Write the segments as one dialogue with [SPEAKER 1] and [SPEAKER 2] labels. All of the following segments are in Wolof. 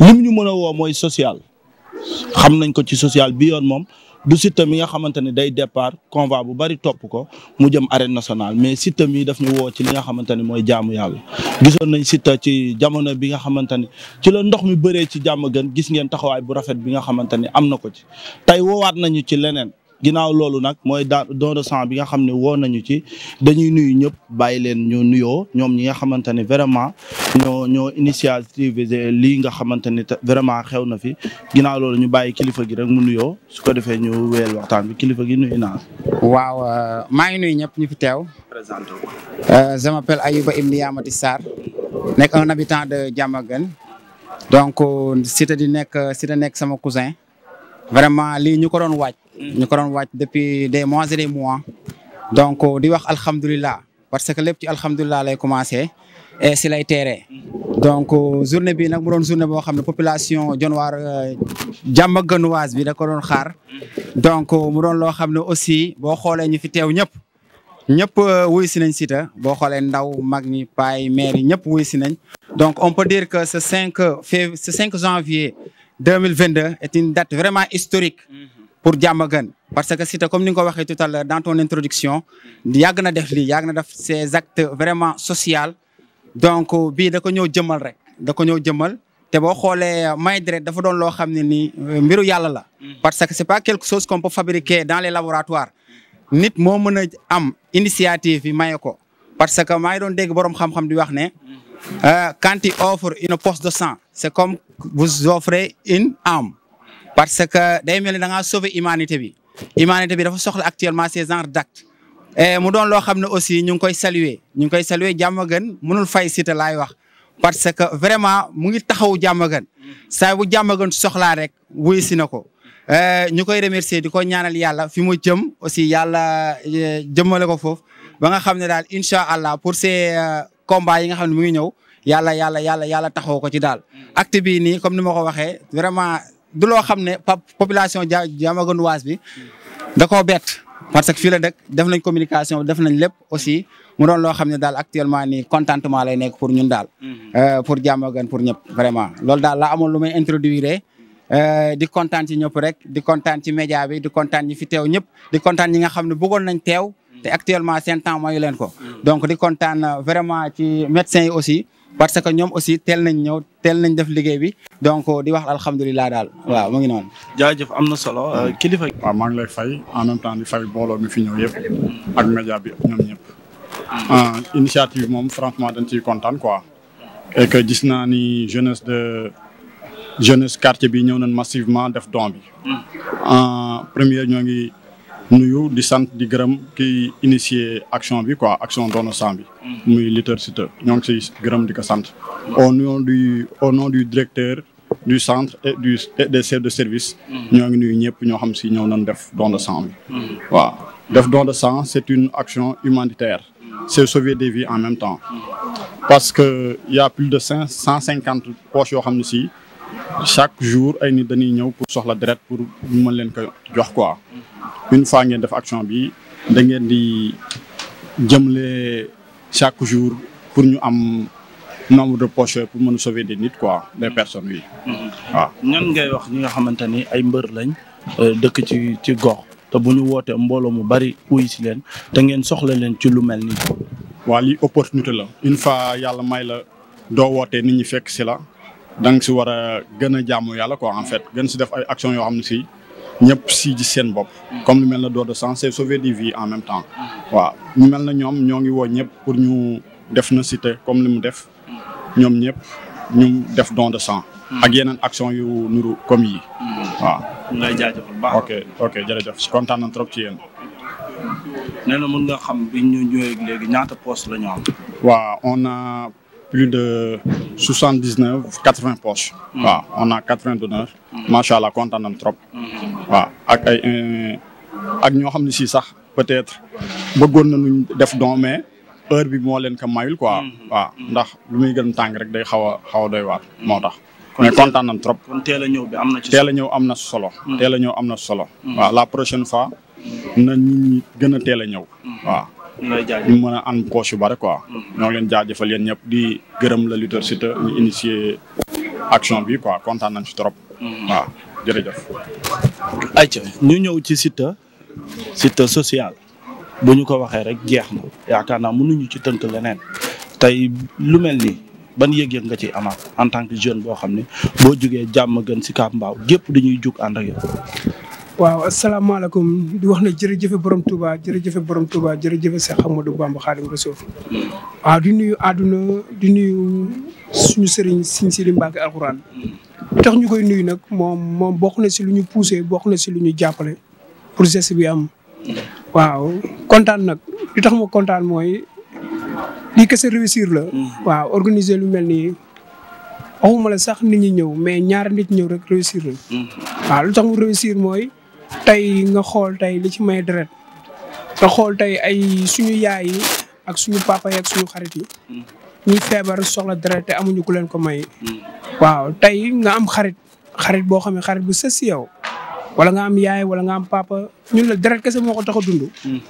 [SPEAKER 1] lim ñu mën a woo mooy social xam nañ ko ci sociale bi yoon moom du Siteu mi nga xamante ne day départ convoi bu bari topp ko mu jëm arène nationale mais Siteu mi daf ñu woo ci li nga xamante ne mooy jaamu yàlla gisoon nañ sita ci jamono bi nga xamante ne ci la ndox mi bëree ci jàmm gën gis ngeen taxawaay bu rafet bi nga xamante ne am na ko ci tey woowaat nañu ci leneen ginnaaw loolu nag mooy daa don de bi nga xam ne woo nañu ci dañuy nuyu ñëpp bàyyi leen ñu nuyoo ñoom ñi nga xamante ne vraiment ñoo ñoo initiative lii nga xamante ni vraiment xew na fi ginnaaw loolu ñu bàyyi kilifa gi rek mu nuyoo su ko defee ñu wéyal waxtaan
[SPEAKER 2] bi kilifa gi nuyu naa. waaw euh, maa ngi nuy ñëpp ñu fi teew. présenté euh, je m'appelle Ayouba Ibni Yamati Sarr nekk un habitant de Diamaguène donc euh, cité di nekk nekk sama cousin vraiment lii ñu ko doon waaj. ñu ko doon wàcc depuis des mois et des mois. donc euh, di wax alhamdulilah parce que lépp ci alhamdulilah lay commencé et si lay teeree. donc euh, journée bi nag mu doon journée boo xam ne population Dionewar euh, jàmm ak gënuwaas bi da ko doon xaar. donc mu doon loo xam ne aussi boo xoolee ñu fi teew ñëpp. ñëpp wuy si nañ Siteu boo xoolee ndaw mag ñi paay maire ñëpp wuy si nañ. donc on peut dire que ce 5 fév ce 5 janvier 2022 est une vraiment historique. pour Diamaguène parce que Siteu comme ni nga ko waxee tout à l'heure dans ton introduction yàgg na def lii yàgg na def ces actes vraiment social donc euh, bii da ko ñëw jëmal rek da ko ñëw jëmal te boo xoolee euh, may deret dafa doon loo xam ne nii euh, mbiru yàlla la mm. parce que c'est pas quelque chose qu'on peut fabriquer dans les laboratoires nit moo mën a am initiative yi maye ko parce que maa ngi doon dégg borom xam-xam di wax ne quand il offre une poche de sang c'est comme vous offrez une âme parce que day mel ni da ngaa bi humanité bi dafa soxla actuellement ces genres d'actes mu doon loo xam ne aussi ñu ngi koy saluer ñu ngi koy saluer Diamaguène mënul fay Siteu laay wax parce que vraiment mu ngi taxawu Diamaguène saa bu Diamaguène soxlaa rek wuy si na ko euh, ñu koy remercier di ko ñaanal yàlla fi mu jëm aussi yàlla euh, jëmmale ko foofu ba nga xam ne daal incha allah pour ces euh, combats yi nga xam ne mu ngi ñëw yàlla yàlla yàlla yàlla taxaw ko ci daal acte bii ni ma ko du loo xam ne population ja Diamaguène bi da koo bett parce que fii la dëkk def nañ communication def nañ lépp aussi mu doon loo xam ne daal actuellement nii contentement lay nekk pour ñun daal. Mm-hmm. Euh, pour Diamaguène pour ñëpp vraiment loolu daal la amoon lu may introduire. Euh, di kontaan ci ñëpp rek di kontaan ci média bi di kontaan ñi fi teew ñëpp di kontaan ñi nga xam ne bëggoon nañ teew. te actuellement seen temps mayu leen ko. Mm-hmm. donc di kontaan vraiment ci médecins yi aussi. parce que ñoom aussi teel nañ ñëw teel nañ def liggéey bi donc di wax alhamdulilah daal waaw mu ngi
[SPEAKER 3] noonu. jaajëf am na solo euh, kilifa. waaw maa ngi lay fay en même temps di fay mbooloo mi fi ñëw yëpp ak média bi ñoom ñëpp. Hmm. Euh, initiative moom franchement dañ ciy kontaan koi et que gis naa ni jeunesse de jeunesse quartier bi ñëw nañ massivement def don bi. Hmm. en euh, ñoo nuyu di sant di gërëm ki initier action bi quoi action Donnons sant bi. Mm. muy Litter Sitter ñoo ngi siy gërëm di ko sant. au nom du au nom du directeur du centre et des chefs de service. Mm. ñoo ngi nuyu ñëpp ñoo xam si ñëw nañ def Donnons Sang bi. Mm. waa def Donnons Sang c'est une action humanitaire. c'est sauver des vies en même temps. parce que y plus de cinq cent cinquante poches yoo xam ne si chaque jour ay nit danuy ñëw pour soxla deret pour mën leen ko jox quoi. une fois ngeen def action bi da ngeen di jëmle chaque jour pour ñu am nombre de poches pour mën a sauver des nit quoi des mm-hmm. personnes yi. Mm-hmm. waaw ñan ngay wax ñi nga xamante ni ay mbër lañ euh, dëkk ci ci gox te bu ñu wootee mbooloo mu bari uy si leen te ngeen soxla leen ci lu mel nii. waa lii opportunité la une fois yàlla may la doo wootee nit ñi fekk si la da nga si war a gën a jaamu yàlla quoi en fait gën si def ay action yoo xam ne si. ñëpp si gis seen bopp. comme lu mel na don de sang c'est sauver des vies en même temps. waaw ñu mel na ñoom ñoo ngi woo ñëpp pour ñu def na cité comme li mu def. ñoom ñëpp ñu def don de sang. ak yeneen action yu nuru comme yi. waaw. ñu lay jaajëfal baax ok ok jërëjëf kontaan
[SPEAKER 1] nañ trop ci yéen. nee na mën nga xam bi ñu ñëwee léegi ñaata poste la ñu
[SPEAKER 3] waaw on a plus de soixante dix neuf quatre vingt poches. Mm. waaw on a quatre vingt donneurs. Mm. macha allah kontaan nañ trop. Mm-hmm. waaw ak ay ak ñoo xam ne si sax peut-être bëggoon na nuñ def don mais heure bi moo leen ko mayul quoi. Mm-hmm. waaw ndax lu muy gën tànk rek day xaw a xaw a doy waat mm-hmm. moo tax. mais kontaan na trop. kon teel a ñëw bi am na ci teel a ñëw am na solo. Mm-hmm. teel a ñëw am na solo. waaw la prochaine fois na nit ñi gën a teel a ñëw. waaw ñu mën a am poche yu bari quoi. ñoo ngi leen jaajëfal yéen ñëpp di gërëm la lutteur Siteu ñu initier action bi quoi kontaan nañ ci trop. waaw jërëjëf. ayca ñu ñëw ci sita
[SPEAKER 1] Siteu social bu ñu ko waxee rek jeex na yaakaar naa mënuñu ci tënk leneen tey lu mel nii ban yëg-yëg nga ci amaat en tant que jeune boo xam ne boo jugee jàmm gën si Kaap Mbaaw gépp dañuy jug ànd ak yow.
[SPEAKER 4] waaw asalaamaaleykum di wax ne jërëjëfe borom Touba jërëjëfe borom Touba jërëjëfe Seex Ahmadu Bamba Xaadimu Rasuul waaw di nuyu àdduna di nuyu suñu sëriñ Sëriñ Sidi Mbacke alxuraan tax ñu koy nuyu nag moom moom bokk na si lu ñu poussé bokk na si lu ñu jàppale pour geste bi am. waaw kontaan nag li tax ma kontaan mooy lii kese réussir la. Hmm. waaw organiser lu mel nii waxuma la sax nit ñi ñëw mais ñaari nit ñëw rek réussir la. Hmm. lu tax réussir mooy tey nga xool tey li ci may deret nga xool tey ay suñu yaay yi ak suñu papa yi ak suñu xarit yi. Hmm. ñuy feebar soxla deret te amuñu ku leen ko may. waaw tey nga am xarit xarit boo xam ne xarit bu sës si yow wala nga am yaay wala nga am papa ñun la deret kese moo ko tax a dund. Mm-hmm.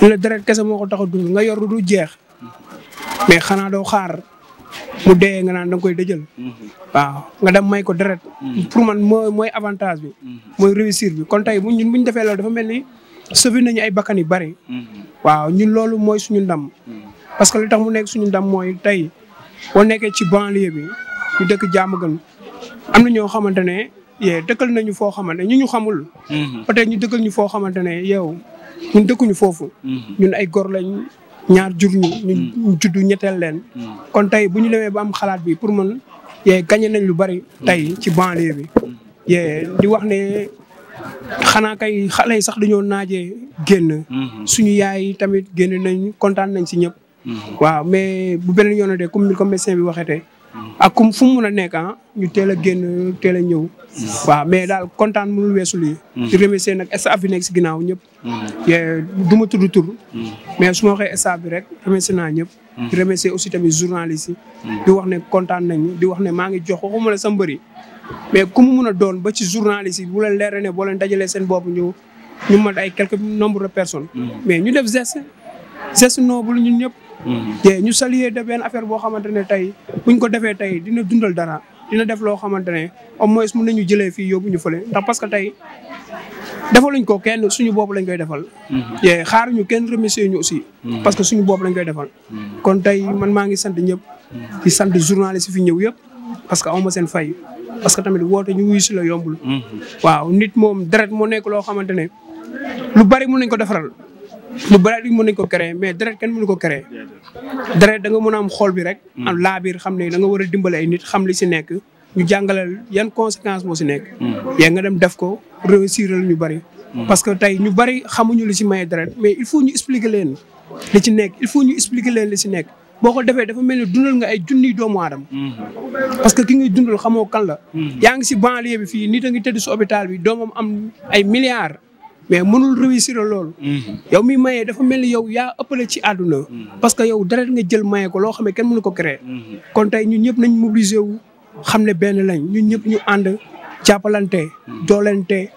[SPEAKER 4] ñun la deret kese moo ko tax a dund nga yor du jeex mais xanaa doo xaar mu dee nga naan da nga koy dëjël. Mm-hmm. waaw nga dem may ko deret. Mm-hmm. pour man mooy mooy avantage bi. mooy réussir bi kon tey bu ñun bu ñu defee loolu dafa mel ni sauvé nañu ay bakkan yu bari. waaw ñun loolu mooy suñu ndam. parce que li tax mu nekk suñu dam mooy tey boo nekkee ci banlieue bi. ñu dëkk jàmm am na ñoo xamante ne yee dëkkal nañu foo xamante ñu ñu xamul. peut mm-hmm. ñu dëkkal ñu foo xamante ne yow ñun dëkkuñu foofu. Mm-hmm. ñun ay gor lañ ñaar jur ñu. Mm-hmm. ñu judd ñetteel leen. kon tey bu ñu demee ba am xalaat bi pour man yee gañe nañ lu bari. tey ci banlieue bi. yee di wax ne xanaa kay xale yi sax dañoo naajee génn. ñu yaay tamit génn nañ kontaan nañ si ñëpp. waaw mais bu beneen yoon de comme ni ko médecin bi waxee ak kum fu mu mun a nekk ah ñu teel a génn teel a ñëw. waaw mais daal kontaan mënul weesu lii. di remercier nag staff bi nekk si ginnaaw ñëpp. Mm. duma ma tudd tur. Mm. mais su ma waxee staff bi rek remercier naa ñëpp. Mm. di remercier aussi tamit journaliste yi. di wax ne kontaan nañ di wax ne maa ngi jox waxuma la sa mbëri. mais ku mun a doon ba ci journaliste yi bu la leeree ne boo leen dajalee seen bopp ñu ñu mat ay quelque nombre de personne mais ñu def geste geste noble ñun ñëpp. Mm-hmm. te ñu saluer de benn boo xamante ne tey buñ ko defee tey dina dundal dara dina def loo xamante ne au moins mun nañu jëlee fii yóbbu ñu fële ndax parce que tey defaluñ ko kenn suñu bopp lañ koy defal. Mm-hmm. xaar ñu kenn remercier ñu aussi. Mm-hmm. parce que suñu bopp lañ koy defal. kon tey man maa ngi sant ñëpp. di sant journaliste fi ñëw yëpp parce que aw ma seen fay. parce que tamit woote ñu wuyu si la yombul. waaw nit moom deret moo nekk loo xamante ne lu bari mun nañ ko defaral. lu bëri li mun nañ ko créer mais deret kenn mënu ko créer deret danga mun a am xool bi rek hmm. am laabiir xam ne da nga war a dimbale ay nit xam li si nekk ñu jàngalal yan conséquence moo si nekk hmm. yaa nga dem def ko réussiral ñu bëri hmm. parce que tey ñu bëri xamuñu li si maye deret mais il faut ñu expliquer leen li ci nekk faut ñu expliquer leen li si nekk boo ko defee dafa mel ni dundal nga ay junniy doomu aadama parce que ki ngay dundal xamoo kan la yaa ngi si banlieue bi fii nit a ngi tëdd si hôpital bi doomam am ay milliards mais mënul réussir lool mm-hmm. yow mi maye dafa mel ni yow yaa ëppale ci àdduna. Mm-hmm. parce que yow dara nga jël maye ko loo xam ne kenn mënu ko créer. Mm-hmm. kon tey ñun ñëpp nañ mobiliser wu xam ne benn lañ ñun ñëpp ñu ànd jàppalante doolante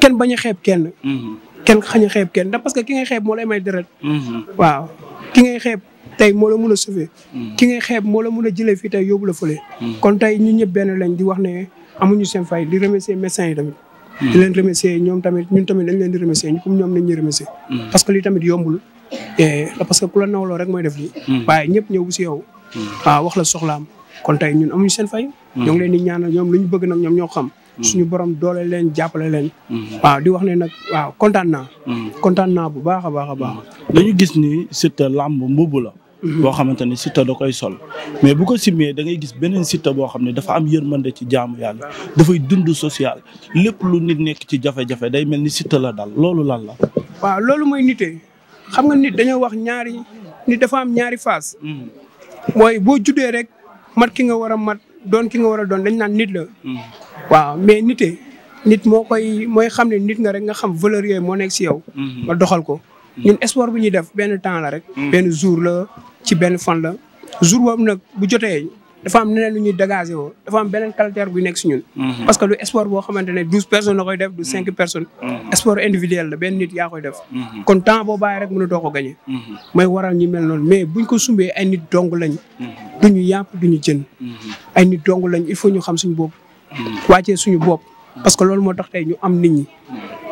[SPEAKER 4] kenn bañ a xeeb kenn. kenn xañ a xeeb kenn ndax parce que ki ngay xeeb moo lay may deret. waaw ki ngay xeeb tey moo la mun a sauver. ki ngay xeeb moo la mun a jëlee fii tey yóbbu la fële. kon tey ñu ñëpp benn lañ di wax ne amuñu seen fay di remercier médecins yi tamit. di leen remercier ñoom tamit ñun tamit dañ leen di remercier ñu comme ñoom nañ ñu remercier mm. parce que lii tamit yombul eh, parce que ku la nawloo rek mooy def lii mm. waaye ñëpp ñëw si yow waaw mm. ah, wax la soxlaam kon tey ñun amuñu seen fay ñoo ngi leen di ñaanal ñoom lu ñu bëgg nag ñoom ñoo xam suñu borom doole leen jàppale leen waaw di wax ne nag waaw kontaan naa bu baax a baax a baax
[SPEAKER 1] dañu gis ni Siteu làmb mbubb la boo xamante ne Siteu da koy sol mais bu ko simmee da ngay gis beneen Siteu boo xam ne dafa am yërmande ci jaamu yàlla dafay dund social lépp lu nit nekk ci jafe-jafe day mel ni Siteu la daal loolu lan la.
[SPEAKER 4] waaw loolu mooy nite xam nga nit dañoo wax ñaari nit dafa am ñaari phase. Hmm. mooy boo juddee rek mat ki nga war a mat doon ki war a doon dañ naan nit la. Hmm. waaw mais nite nit moo koy mooy xam ne nit nga rek nga xam valeur moo nekk si yow. Hmm. nga doxal ko. ñun sport bu ñuy def benn temps la rek. Mm. benn jour la ci benn fan la. jour boobu nag bu jotee dafa am neneen lu ñuy dégagé woo dafa am beneen caractère bu nekk si ñun. Mm-hmm. parce que lu sport boo xamante ne douze personnes koy def du mm. cinq personnes. Mm-hmm. sport individuel la benn nit yaa koy def. Mm-hmm. kon temps boo bàyyi rek mënatoo ko gagné. mooy waral ñu mel noonu mais buñ ko sumbee ay nit dong lañ. du ñu yàpp du ñu jën. ay nit dong lañ il faut ñu xam suñu boob wàccee suñu bopp. parce que loolu moo tax tey ñu am nit ñi.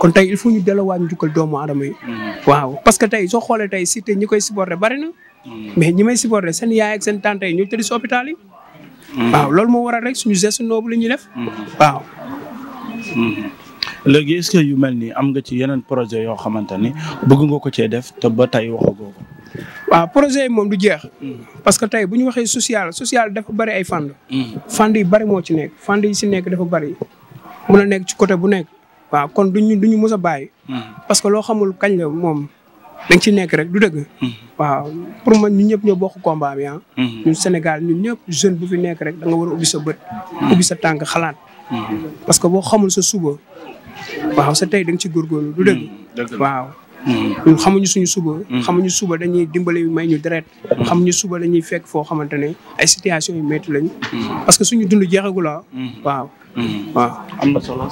[SPEAKER 4] kon tey il faut ñu delluwaat njukkal doomu aadama yi. Mm-hmm. waaw parce que tey soo xoolee tey Siteu ñi koy supporté bari na. Mm-hmm. mais ñi may supporté seen yaay ak seen tante yi ñoo tëdd si hôpital mm-hmm. waaw loolu moo waral rek suñu geste noobu li ñuy def.
[SPEAKER 1] waaw. léegi yu mel nii am nga ci yeneen projet yoo
[SPEAKER 4] xamante ni bëgg ko cee def te ba tey waxagoo ko. waaw projet moom du jeex. parce que tey bu ñu waxee social social dafa bari ay fànn. fànn bari moo ci nekk fànn si nekk dafa bari. mën a nekk ci côté bu nekk. waaw kon duñu duñu mës a bàyyi. Hmm. parce que loo xamul kañ la moom dañ ci nekk rek du dëgg. Hmm. waaw pour man ñun ñëpp ñoo bokk combat bi ah. Hmm. ñun Sénégal ñu ñëpp jeune bu fi nekk rek da nga war ubbi sa bët. ubbi sa tànk xalaat. parce que boo xamul sa suba. waaw sa tey da ci góorgóorlu du dëgg. waaw. ñun xamuñu suñu suba. xamuñu suba dañuy dimbale may ñu deret. xamuñu suba dañuy fekk foo xamante ne ay situation yu métti lañ parce que suñu dund jeexagula. waaw am na solo.